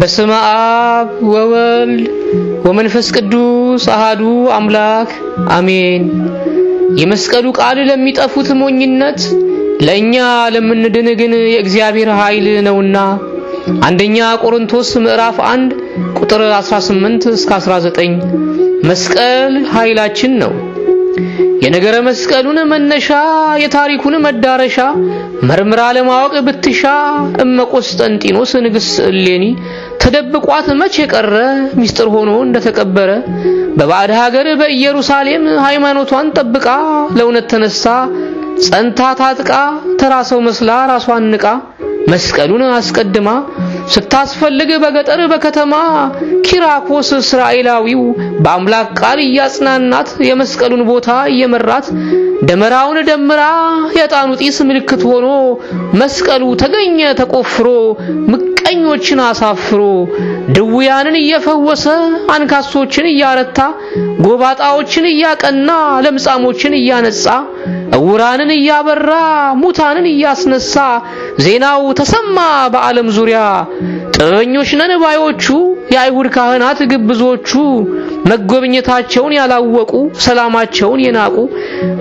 በስመ አብ ወወልድ ወመንፈስ ቅዱስ አሃዱ አምላክ አሜን። የመስቀሉ ቃል ለሚጠፉት ሞኝነት ለእኛ ለምንድን ግን የእግዚአብሔር ኃይል ነውና። አንደኛ ቆሮንቶስ ምዕራፍ 1 ቁጥር 18 እስከ 19። መስቀል ኃይላችን ነው። የነገረ መስቀሉን መነሻ የታሪኩን መዳረሻ መርምራ ለማወቅ ብትሻ እመቆስጠንጢኖስ ንግሥት እሌኒ ተደብቋት መቼ ቀረ ሚስጥር ሆኖ እንደተቀበረ በባዕድ ሀገር በኢየሩሳሌም ሃይማኖቷን ጠብቃ ለእውነት ተነሳ ጸንታ ታጥቃ ተራሰው መስላ ራሷን ንቃ መስቀሉን አስቀድማ ስታስፈልግ በገጠር በከተማ ኪራኮስ እስራኤላዊው በአምላክ ቃል እያጽናናት የመስቀሉን ቦታ እየመራት ደመራውን ደምራ የጣኑ ጢስ ምልክት ሆኖ መስቀሉ ተገኘ ተቆፍሮ ምቀኞችን አሳፍሮ ድውያንን እየፈወሰ አንካሶችን እያረታ ጎባጣዎችን እያቀና ለምጻሞችን እያነጻ እውራንን እያበራ ሙታንን እያስነሳ ዜናው ተሰማ በዓለም ዙሪያ። ጥበበኞች ነን ባዮቹ የአይሁድ ካህናት ግብዞቹ መጎብኘታቸውን ያላወቁ ሰላማቸውን የናቁ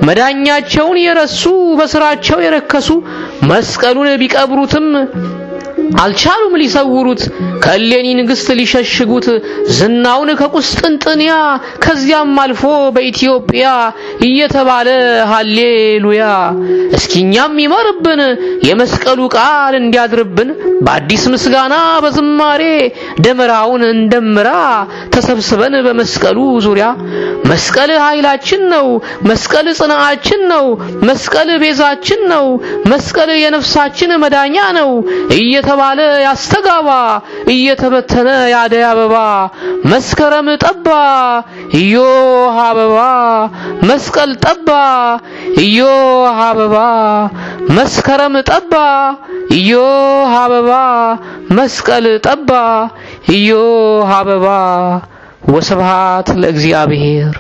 መዳኛቸውን የረሱ በስራቸው የረከሱ መስቀሉን ቢቀብሩትም አልቻሉም ሊሰውሩት ከእሌኒ ንግሥት ሊሸሽጉት ዝናውን ከቁስጥንጥንያ ከዚያም አልፎ በኢትዮጵያ እየተባለ ሃሌሉያ እስኪኛም ይመርብን የመስቀሉ ቃል እንዲያድርብን በአዲስ ምስጋና በዝማሬ ደመራውን እንደምራ ተሰብስበን በመስቀሉ ዙሪያ መስቀል ኃይላችን ነው። መስቀል ጽናአችን ነው። መስቀል ቤዛችን ነው። መስቀል የነፍሳችን መዳኛ ነው እየተባለ ያስተጋባ እየተበተነ የአደይ አበባ መስከረም ጠባ እዮሃ አበባ መስቀል ጠባ እዮሃ አበባ መስከረም ጠባ እዮሃ አበባ መስቀል ጠባ እዮሃ አበባ ወስብሃት ለእግዚአብሔር